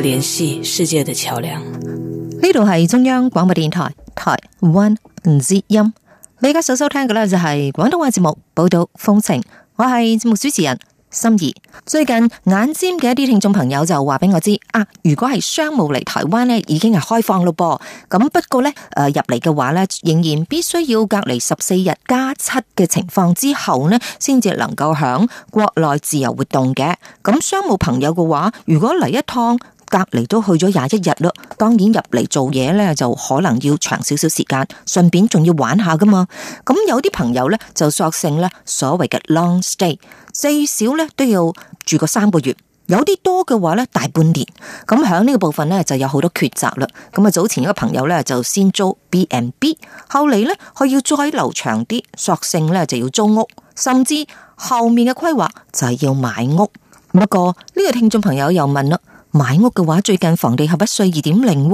聯繫世界的橋樑，呢度係中央廣播電台台灣之音，你而家所收聽嘅咧就係廣東話節目寶島風情，我係節目主持人心儀。最近眼尖嘅一啲聽眾朋友就話俾我知啊，如果係商務嚟台灣咧，已經係開放咯噃。咁不過咧，誒、呃、入嚟嘅話咧，仍然必須要隔離十四日加七嘅情況之後呢，先至能夠響國內自由活動嘅。咁商務朋友嘅話，如果嚟一趟。隔離都去咗廿一日咯，當然入嚟做嘢呢，就可能要長少少時間，順便仲要玩下噶嘛。咁有啲朋友呢，就索性呢所謂嘅 long stay，最少呢都要住個三個月，有啲多嘅話呢，大半年。咁響呢個部分呢，就有好多抉擇啦。咁啊早前一個朋友呢，就先租 B&B，後嚟呢，佢要再留長啲，索性呢就要租屋，甚至後面嘅規劃就係要買屋。不過呢個聽眾朋友又問啦。買屋嘅話，最近房地合一稅二點零，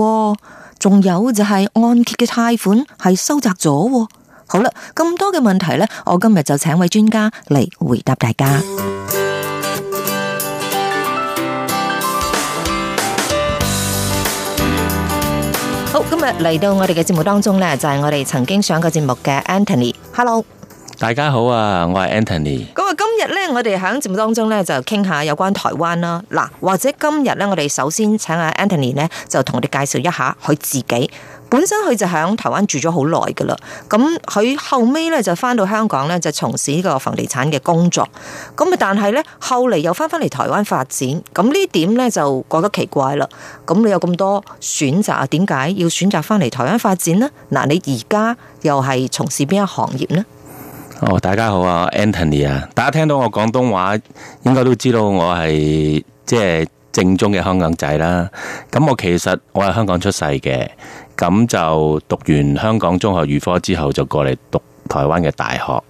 仲有就係按揭嘅貸款係收窄咗。好啦，咁多嘅問題呢，我今日就請位專家嚟回答大家。好，今日嚟到我哋嘅節目當中呢，就係、是、我哋曾經上過節目嘅 Anthony。Hello，大家好啊，我係 Anthony。咧，我哋喺節目當中咧就傾下有關台灣啦。嗱，或者今日咧，我哋首先請阿 Anthony 咧就同我哋介紹一下佢自己。本身佢就喺台灣住咗好耐噶啦。咁佢後尾咧就翻到香港咧就從事呢個房地產嘅工作。咁啊，但係咧後嚟又翻返嚟台灣發展。咁呢點咧就覺得奇怪啦。咁你有咁多選擇啊？點解要選擇翻嚟台灣發展呢？嗱，你而家又係從事邊一行業呢？哦，oh, 大家好啊，Anthony 啊，大家聽到我廣東話，應該都知道我係即係正宗嘅香港仔啦。咁我其實我係香港出世嘅，咁就讀完香港中學預科之後，就過嚟讀台灣嘅大學。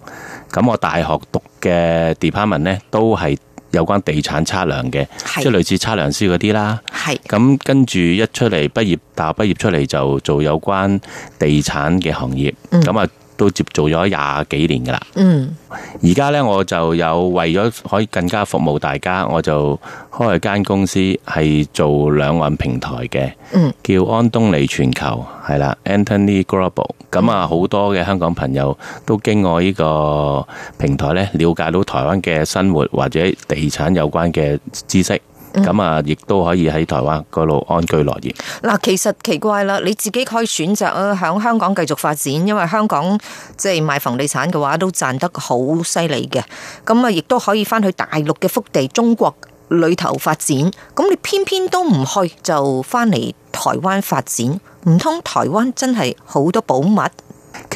咁我大學讀嘅 department 呢，都係有關地產測量嘅，是即係類似測量師嗰啲啦。係咁是跟住一出嚟畢業，大學畢業出嚟就做有關地產嘅行業。咁啊、嗯。都接做咗廿幾年㗎喇，嗯，而家呢，我就有為咗可以更加服務大家，我就開間公司係做兩岸平台嘅，嗯，叫安東尼全球，係啦，Anthony Global，咁啊，好多嘅香港朋友都經我呢個平台呢，了解到台灣嘅生活或者地產有關嘅知識。咁啊，亦都、嗯、可以喺台灣嗰度安居樂業。嗱，其實奇怪啦，你自己可以選擇啊，喺香港繼續發展，因為香港即係賣房地產嘅話，都賺得好犀利嘅。咁啊，亦都可以翻去大陸嘅福地中國裏頭發展。咁你偏偏都唔去，就翻嚟台灣發展，唔通台灣真係好多寶物？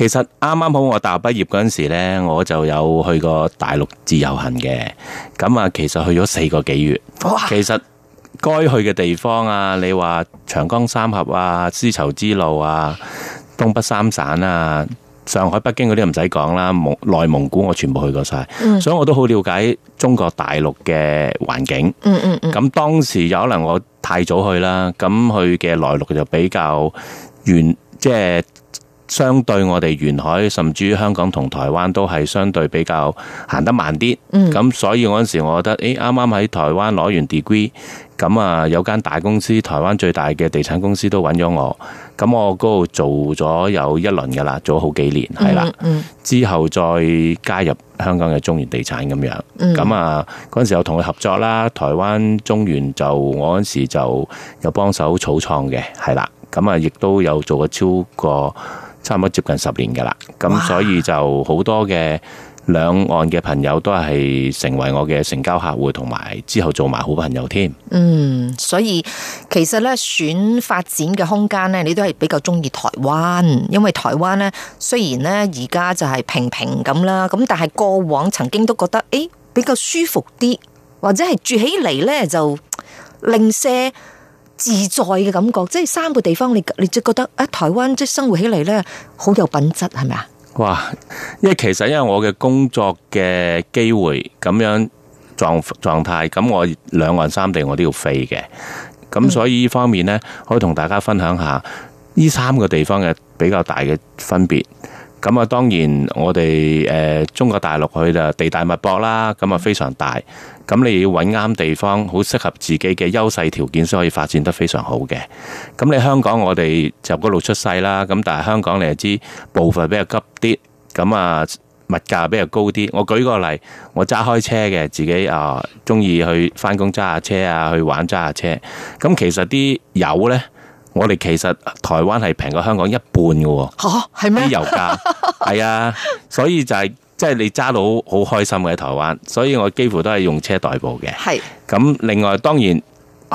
其實啱啱好我大學畢業嗰陣時呢，我就有去過大陸自由行嘅，咁啊，其實去咗四個幾月。哇其實該去嘅地方啊，你話長江三峽啊、絲綢之路啊、東北三省啊、上海、北京嗰啲唔使講啦，蒙內蒙古我全部去過晒，嗯、所以我都好了解中國大陸嘅環境。咁、嗯嗯嗯、當時有可能我太早去啦，咁去嘅內陸就比較遠，即係。相對我哋沿海甚至香港同台灣都係相對比較行得慢啲，咁、嗯、所以我嗰時我覺得，誒、哎，啱啱喺台灣攞完 degree，咁啊有間大公司，台灣最大嘅地產公司都揾咗我，咁我嗰度做咗有一輪嘅啦，做好幾年係啦，嗯嗯、之後再加入香港嘅中原地產咁樣，咁啊嗰陣、嗯、時又同佢合作啦，台灣中原就我嗰時就有幫手草創嘅，係啦，咁啊亦都有做過超過。差唔多接近十年㗎喇，咁所以就好多嘅兩岸嘅朋友都係成為我嘅成交客戶，同埋之後做埋好朋友添。嗯，所以其實呢，選發展嘅空間呢，你都係比較鍾意台灣，因為台灣呢，雖然呢而家就係平平咁啦，咁但係過往曾經都覺得誒、欸、比較舒服啲，或者係住起嚟呢，就令些。自在嘅感覺，即係三個地方，你你就覺得啊，台灣即係生活起嚟呢，好有品質，係咪啊？哇！因為其實因為我嘅工作嘅機會咁樣狀狀態，咁我兩岸三地我都要飛嘅，咁所以呢方面呢，可以同大家分享下呢三個地方嘅比較大嘅分別。咁啊，當然我哋誒中國大陸去就地大物博啦，咁啊非常大。咁你要揾啱地方，好適合自己嘅優勢條件，先可以發展得非常好嘅。咁你香港我哋就嗰度出世啦。咁但係香港你又知步伐比較急啲，咁啊物價比較高啲。我舉個例，我揸開車嘅，自己啊中意去返工揸下車啊，去玩揸下車。咁其實啲油呢，我哋其實台灣係平過香港一半㗎喎。係咩、啊？啲油價係 啊，所以就係、是。即係你揸到好開心嘅，喺台灣，所以我幾乎都係用車代步嘅。係咁是，另外當然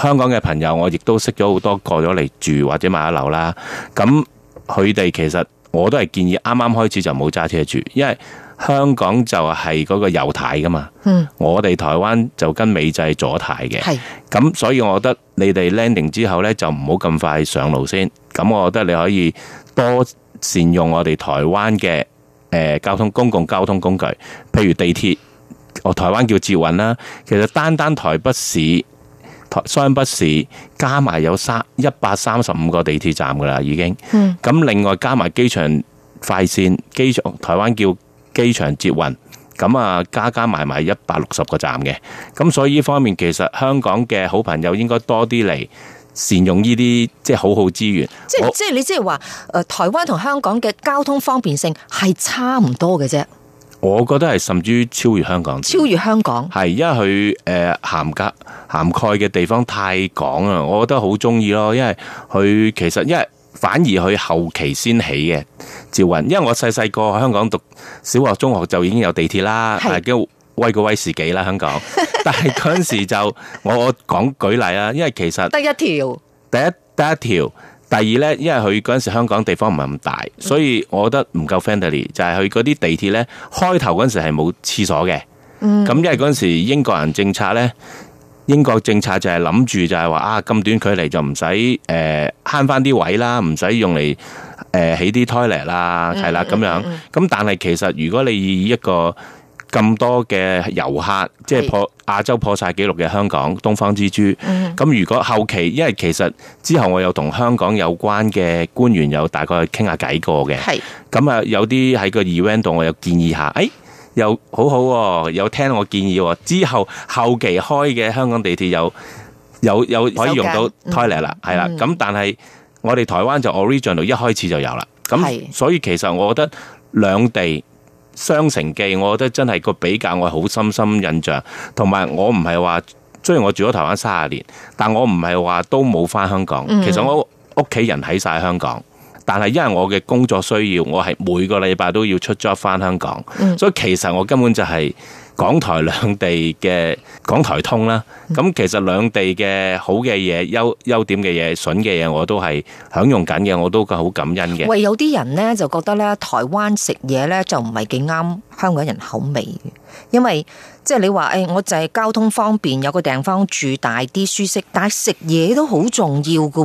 香港嘅朋友，我亦都識咗好多過咗嚟住或者買一樓啦。咁佢哋其實我都係建議，啱啱開始就冇揸車住，因為香港就係嗰個右軚㗎嘛。嗯、我哋台灣就跟美制左軚嘅。係咁是，所以我覺得你哋 landing 之後呢，就唔好咁快上路先。咁我覺得你可以多善用我哋台灣嘅。誒，交通、公共交通工具，譬如地鐵，我台灣叫捷運啦。其實單單台北市，台雙北市加埋有三一百三十五個地鐵站㗎喇，已經。咁、嗯、另外加埋機場快線，機場台灣叫機場捷運，咁啊加加埋埋一百六十個站嘅。咁所以呢方面，其實香港嘅好朋友應該多啲嚟。善用呢啲即係好好資源，即係是我即係你即係話誒台灣同香港嘅交通方便性係差唔多嘅啫。我覺得係甚至於超，超越香港，超越香港係因為佢誒、呃、涵蓋涵蓋嘅地方太廣啊！我覺得好中意咯，因為佢其實因為反而佢後期先起嘅趙雲，因為我細細個喺香港讀小學中學就已經有地鐵啦，係叫是。啊威個威士忌啦，香港。但係嗰陣時就我我講舉例啦，因為其實得一條，第一第一條，第二呢，因為佢嗰陣時香港地方唔係咁大，嗯、所以我覺得唔夠 friendly。就係佢嗰啲地鐵呢，開頭嗰陣時係冇廁所嘅。咁、嗯、因為嗰陣時英國人政策呢，英國政策就係諗住就係話啊，咁短距離就唔使誒慳翻啲位啦，唔使用嚟誒起啲 toilet 啦，係啦咁樣。咁但係其實如果你以一個咁多嘅遊客，即係破亞洲破晒紀錄嘅香港東方之珠。咁、mm hmm. 如果後期，因為其實之後我有同香港有關嘅官員有大概傾下偈過嘅。咁啊、mm，hmm. 有啲喺個 event 度，我有建議下，誒、哎，又好好、哦，有聽我建議、哦。之後後期開嘅香港地鐵有有有可以用到 toilet 啦，係啦、mm。咁、hmm. mm hmm. 但係我哋台灣就 original 一開始就有啦。咁、mm hmm. 所以其實我覺得兩地。《雙城記》，我覺得真係個比較，我好深深印象。同埋我唔係話，雖然我住咗台灣三十年，但我唔係話都冇翻香港。其實我屋企人喺晒香港，但係因為我嘅工作需要，我係每個禮拜都要出 job 翻香港。所以其實我根本就係、是。港台兩地嘅港台通啦，咁其實兩地嘅好嘅嘢、優優點嘅嘢、笋嘅嘢，我都係享用緊嘅，我都好感恩嘅。喂，有啲人呢就覺得呢，台灣食嘢呢就唔係幾啱香港人口味嘅，因為即係你話誒，我就係交通方便，有個地方住大啲舒適，但係食嘢都好重要噶，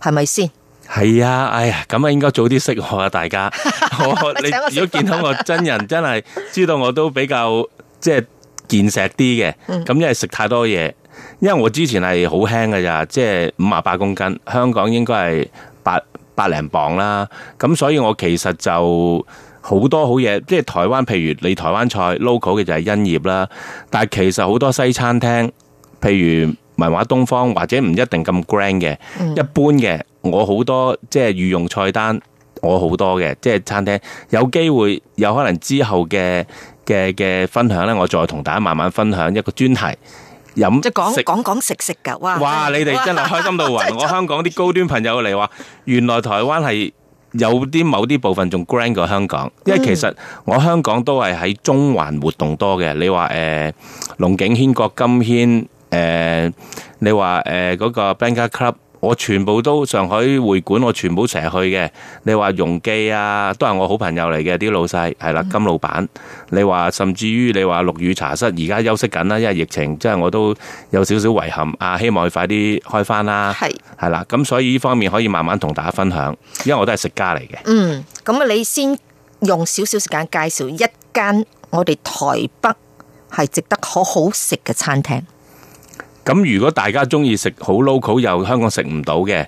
係咪先？係啊，哎呀，咁啊應該早啲識我啊，大家，我你如果見到我真人，真係知道我都比較。即係健碩啲嘅，咁因為食太多嘢。因為我之前係好輕㗎咋，即係五啊八公斤，香港應該係八八零磅啦。咁所以我其實就好多好嘢，即係台灣譬如你台灣菜 local 嘅就係欣葉啦，但係其實好多西餐廳，譬如文華東方或者唔一定咁 grand 嘅，一般嘅我好多即係御用菜單。我好多嘅，即係餐廳有機會有可能之後嘅嘅嘅分享呢，我再同大家慢慢分享一個專題飲食，講講講食食噶哇！哇！你哋真係開心到暈，我香港啲高端朋友嚟話，原來台灣係有啲某啲部分仲 grand 過香港，因為其實我香港都係喺中環活動多嘅。你話誒龍景軒、國金軒誒，你話誒嗰個 Banker Club。我全部都上海會館，我全部成日去嘅。你話容記啊，都係我好朋友嚟嘅啲老細，係啦金老闆。嗯、你話甚至於你話陸羽茶室，而家休息緊啦，因為疫情，即係我都有少少遺憾啊，希望佢快啲開翻啦。係係啦，咁所以呢方面可以慢慢同大家分享，因為我都係食家嚟嘅。嗯，咁啊，你先用少少時間介紹一間我哋台北係值得好好食嘅餐廳。咁如果大家中意食好 local 又香港食唔到嘅，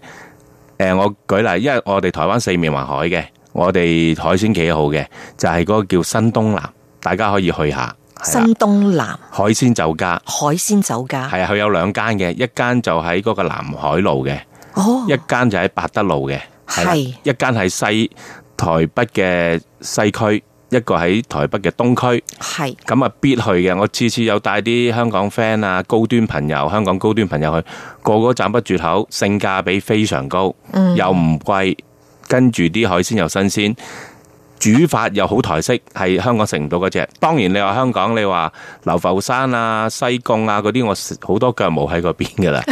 誒，我舉例，因為我哋台灣四面環海嘅，我哋海鮮幾好嘅，就係嗰個叫新東南，大家可以去下。新東南海鮮酒家，海鮮酒家係啊，佢有兩間嘅，一間就喺嗰個南海路嘅，哦，一間就喺八德路嘅，係，一間喺西台北嘅西區。一個喺台北嘅東區，係咁啊必去嘅。我次次有帶啲香港 friend 啊，高端朋友，香港高端朋友去，個個讚不絕口，性價比非常高，嗯、又唔貴，跟住啲海鮮又新鮮，煮法又好台式，係香港食唔到嗰隻。當然你話香港，你話流浮山啊、西貢啊嗰啲，我好多腳毛喺嗰邊噶啦。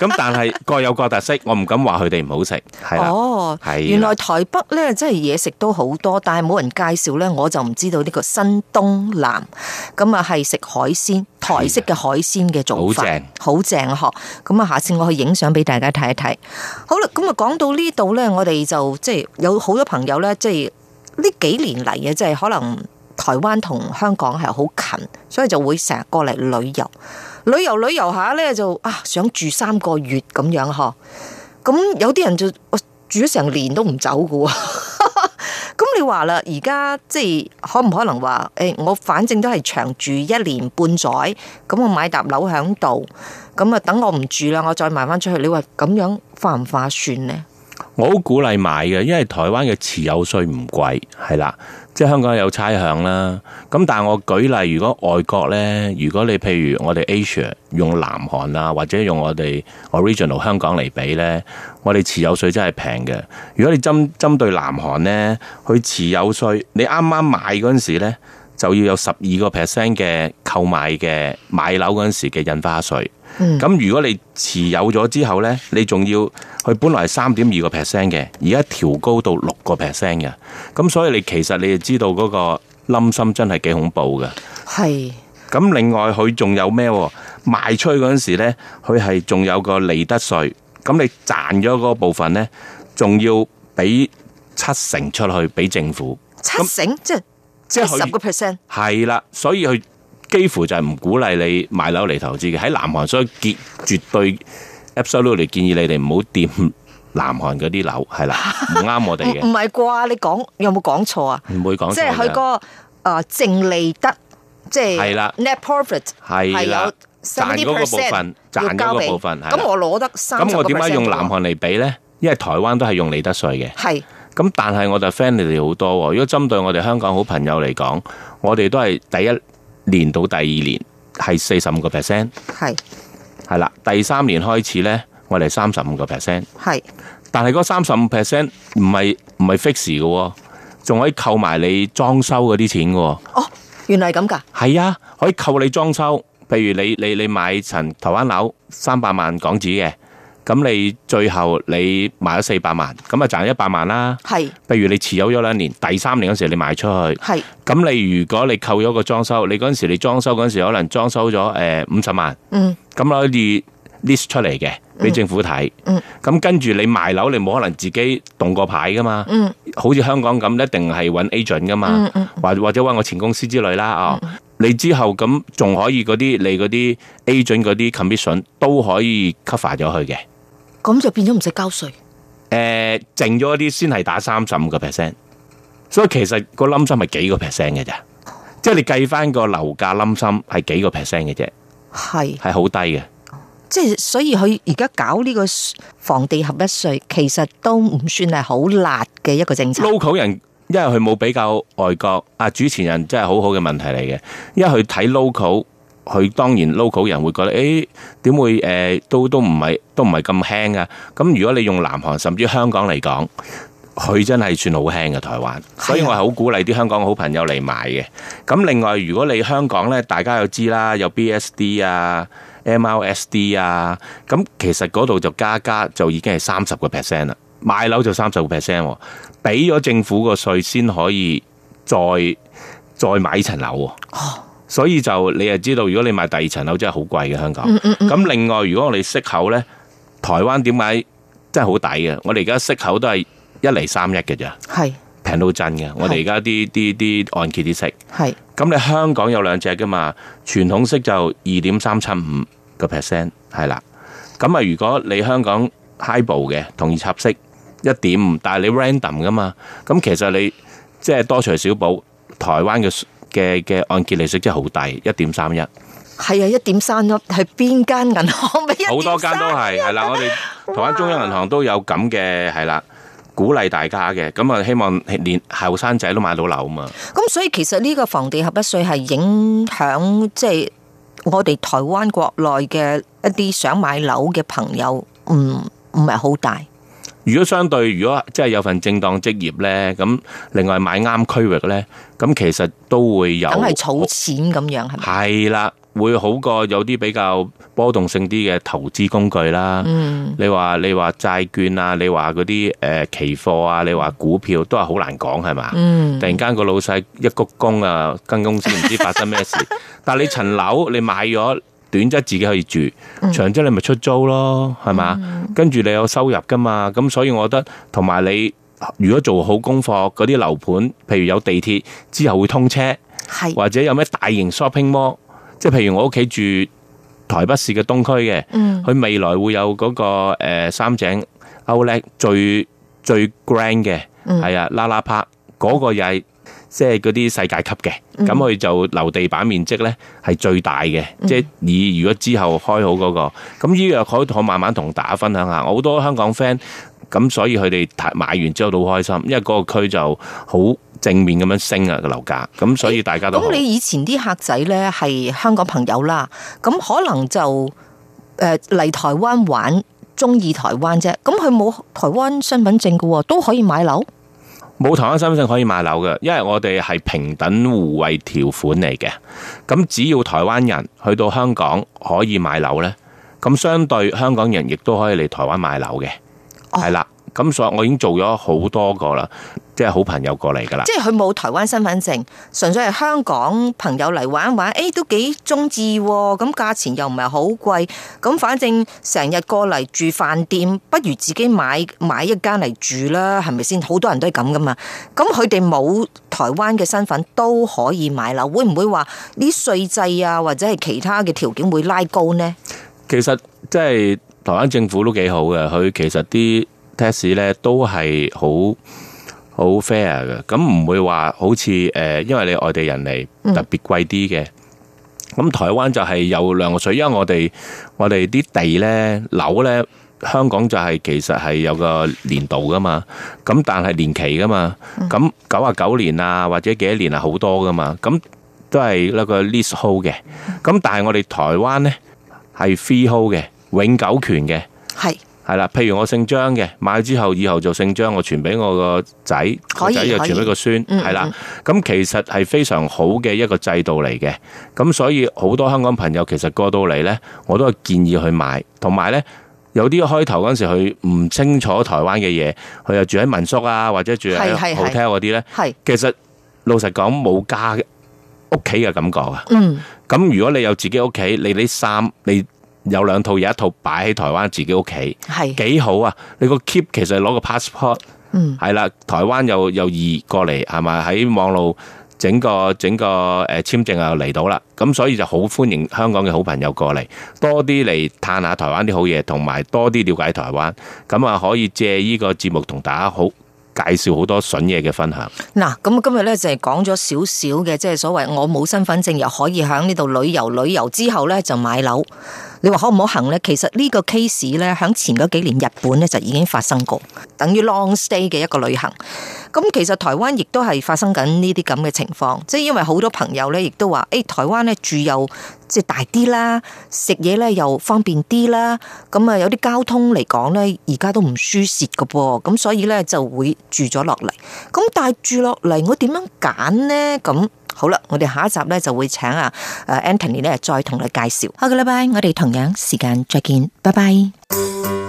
咁 但係各有各特色，我唔敢話佢哋唔好食。係哦，係的原來台北咧，真係嘢食都好多，但係冇人介紹咧，我就唔知道呢個新東南咁啊，係、嗯、食海鮮台式嘅海鮮嘅做法，好正，好正呵！咁、嗯、啊，下次我去影相俾大家睇一睇。好啦，咁、嗯、啊，講到呢度咧，我哋就即係有好多朋友咧，即係呢幾年嚟嘅，即係可能。台灣同香港係好近，所以就會成日過嚟旅遊，旅遊旅遊下呢，就啊想住三個月咁樣嗬，咁有啲人就、啊、住咗成年都唔走噶喎，咁 你話啦，而家即係可唔可能話誒、欸，我反正都係長住一年半載，咁我買沓樓喺度，咁啊等我唔住啦，我再賣翻出去，你話咁樣化唔化算呢？我好鼓勵買嘅，因為台灣嘅持有稅唔貴，係啦。即係香港有差餉啦，咁但係我舉例，如果外國呢，如果你譬如我哋 Asia 用南韓啊，或者用我哋 Original 香港嚟比呢，我哋持有稅真係平嘅。如果你針針對南韓呢，去持有稅，你啱啱買嗰陣時呢，就要有十二個 percent 嘅購買嘅買樓嗰陣時嘅印花稅。咁、嗯、如果你持有咗之後呢，你仲要佢本來係三點二個 percent 嘅，而家調高到六個 percent 嘅，咁所以你其實你就知道嗰個貪心真係幾恐怖嘅。係是，咁另外佢仲有咩？賣出去嗰陣時咧，佢係仲有個利得稅，咁你賺咗嗰部分呢，仲要俾七成出去俾政府。七成那即係即係十個 percent。係啦，所以佢。幾乎就係唔鼓勵你買樓嚟投資嘅，喺南韓，所以結絕對 absolutely 建議你哋唔好掂南韓嗰啲樓，係啦，唔啱我哋嘅。唔係啩？你講有冇講錯啊？唔會講錯，即係佢個誒淨、呃、利得，即係係啦 net profit 係啦賺嗰個部分，賺嗰部分。咁的我攞得咁我點解用南韓嚟比咧？因為台灣都係用利得稅嘅。係咁的，但係我哋 friend 你哋好多，如果針對我哋香港好朋友嚟講，我哋都係第一。年到第二年係四十五個 percent，係係啦，第三年開始咧，我哋三十五個 percent，係，但係嗰三十五 percent 唔係唔係 fix 嘅，仲可以扣埋你裝修嗰啲錢嘅。哦，原來係咁噶。係啊，可以扣你裝修，譬如你你你買層台灣樓三百萬港紙嘅。咁你最後你賣咗四百萬，咁啊賺一百萬啦。係是，譬如你持有咗兩年，第三年嗰時你賣出去，係是。咁你如果你扣咗個裝修，你嗰陣時你裝修嗰陣時，可能裝修咗誒五十萬，嗯，咁可以 list 出嚟嘅，俾政府睇，嗯，嗯，咁跟住你賣樓，你冇可能自己動個牌噶嘛，嗯嘛嗯，嗯，好似香港咁，一定係揾 agent 噶嘛，或或者揾我前公司之類啦，哦、嗯，嗯、你之後咁仲可以嗰啲你啲 agent 嗰啲 commission 都可以 cover 咗佢嘅。咁就變咗唔使交稅。誒，剩咗啲先係打三十五個 percent，所以其實個冧心係幾個 percent 嘅啫，即係你計翻個樓價冧心係幾個 percent 嘅啫，係係好低嘅。即係所以佢而家搞呢個房地合一稅，其實都唔算係好辣嘅一個政策。local 人因為佢冇比較外國啊，主持人真係好好嘅問題嚟嘅，因為佢睇 local。佢當然 local 人會覺得，誒、欸、點會誒、呃、都都唔係都唔係咁輕啊！咁如果你用南韓甚至香港嚟講，佢真係算好輕嘅、啊、台灣。所以我係好鼓勵啲香港好朋友嚟買嘅。咁另外，如果你香港呢，大家又知啦，有 BSD 啊、MLSD 啊，咁、啊、其實嗰度就加加就已經係三十個 percent 啦。買樓就三十個 percent，俾咗政府個稅先可以再再買層樓。哦。所以就你又知道，如果你買第二層樓真係好貴嘅香港。咁、嗯嗯、另外，如果我哋息口呢，台灣點解真係好抵嘅？我哋而家息口都係一釐三一嘅咋，係平是到真嘅。我哋而家啲啲啲按揭啲息係。咁是你香港有兩隻噶嘛？傳統息就二點三七五個 percent 係啦。咁啊，如果你香港 HIBOR 嘅，同業拆息一點五，但係你 random 噶嘛？咁其實你即係多除少補，台灣嘅。嘅嘅按揭利息真係好大，一點三一係啊，一點三一係邊間銀行？咪好多間都係係啦。我哋台灣中央銀行都有咁嘅係啦，鼓勵大家嘅，咁啊，希望連後生仔都買到樓啊嘛。咁所以其實呢個房地合一稅係影響，即係我哋台灣國內嘅一啲想買樓嘅朋友，唔唔係好大。如果相對，如果即係有份正當職業咧，咁另外買啱區域咧，咁其實都會有。咁係儲錢咁樣係咪？係啦，會好過有啲比較波動性啲嘅投資工具啦。嗯，你話你話債券啊，你話嗰啲誒期貨啊，你話股票都係好難講係嘛？嗯，突然間個老細一鞠躬啊，跟公司唔知發生咩事， 但你層樓你買咗，短則自己可以住，長則你咪出租咯，係嘛，嗯？跟住你有收入噶嘛？咁所以我覺得，同埋你如果做好功課，嗰啲樓盤，譬如有地鐵之後會通車，是或者有咩大型 shopping mall，即係譬如我屋企住台北市嘅東區嘅，佢、嗯、未來會有嗰、嗰個、呃、三井歐叻最最 grand 嘅，係、嗯、啊啦啦 park 嗰個嘢。即係嗰啲世界級嘅，咁佢就樓地板面積咧係最大嘅。嗯、即係你如果之後開好嗰、嗰個，咁依個可可慢慢同大家分享下。我好多香港 friend，咁所以佢哋買完之後都好開心，因為嗰個區就好正面咁樣升啊個樓價，咁所以大家都咁。欸、你以前啲客仔咧係香港朋友啦，咁可能就誒嚟台灣玩，中意台灣啫，咁佢冇台灣身份證嘅喎，都可以買樓。冇台灣身份證可以買樓嘅，因為我哋係平等互惠條款嚟嘅。咁只要台灣人去到香港可以買樓呢，咁相對香港人亦都可以嚟台灣買樓嘅，係啦，oh。咁所以，我已經做咗好多個啦，即係好朋友過嚟噶啦。即係佢冇台灣身份證，純粹係香港朋友嚟玩玩，誒、哎、都幾中意喎。咁價錢又唔係好貴，咁反正成日過嚟住飯店，不如自己買買一間嚟住啦，係咪先？好多人都係咁噶嘛。咁佢哋冇台灣嘅身份都可以買樓，會唔會話啲稅制啊，或者係其他嘅條件會拉高呢？其實即係台灣政府都幾好嘅，佢其實啲。test 咧都係好好 fair 嘅，咁唔會話好似誒，因為你外地人嚟特別貴啲嘅。咁台灣就係有兩個稅，因為我哋我哋啲地咧樓咧，香港就係其實係有個年度噶嘛，咁但係年期噶嘛，咁九啊九年啊或者幾多年啊好多噶嘛，咁都係嗰個 lease hold 嘅。咁但係我哋台灣咧係 freehold 嘅永久權嘅。係啦，譬如我姓張嘅，買之後以後就姓張，我傳俾我個仔，仔以就傳俾個孫，係啦。咁其實係非常好嘅一個制度嚟嘅。咁所以好多香港朋友其實過到嚟呢，我都係建議去買。同埋呢，有啲開頭嗰時佢唔清楚台灣嘅嘢，佢又住喺民宿啊，或者住喺 hotel 嗰啲呢。其實老實講冇家屋企嘅感覺啊。咁如果你有自己屋企，你啲衫你。嗯有兩套，有一套擺喺台灣自己屋企，係幾是好啊！你個 keep 其實攞個 passport，嗯，係啦，台灣又又易過嚟，係咪？喺網路整個整個誒簽證又嚟到啦，咁所以就好歡迎香港嘅好朋友過嚟，多啲嚟探下台灣啲好嘢，同埋多啲了解台灣，咁啊可以借呢個節目同大家好介紹好多筍嘢嘅分享。嗱，咁今日呢，就係講咗少少嘅，即係所謂我冇身份證又可以喺呢度旅遊，旅遊之後呢，就買樓。你話可唔可行呢？其實個呢個 case 咧，響前嗰幾年日本咧就已經發生過，等於 long stay 嘅一個旅行。咁、嗯、其實台灣亦都係發生緊呢啲咁嘅情況，即係因為好多朋友咧，亦都話誒、欸，台灣咧住又即係大啲啦，食嘢咧又方便啲啦，咁、嗯、啊有啲交通嚟講咧，而家都唔輸蝕嘅噃，咁、嗯、所以咧就會住咗落嚟。咁、嗯、但係住落嚟，我點樣揀呢？咁、嗯。好啦，我哋下一集呢就會請啊 Anthony 呢再同你介紹。下個禮拜，拜我哋同樣時間再見，拜拜。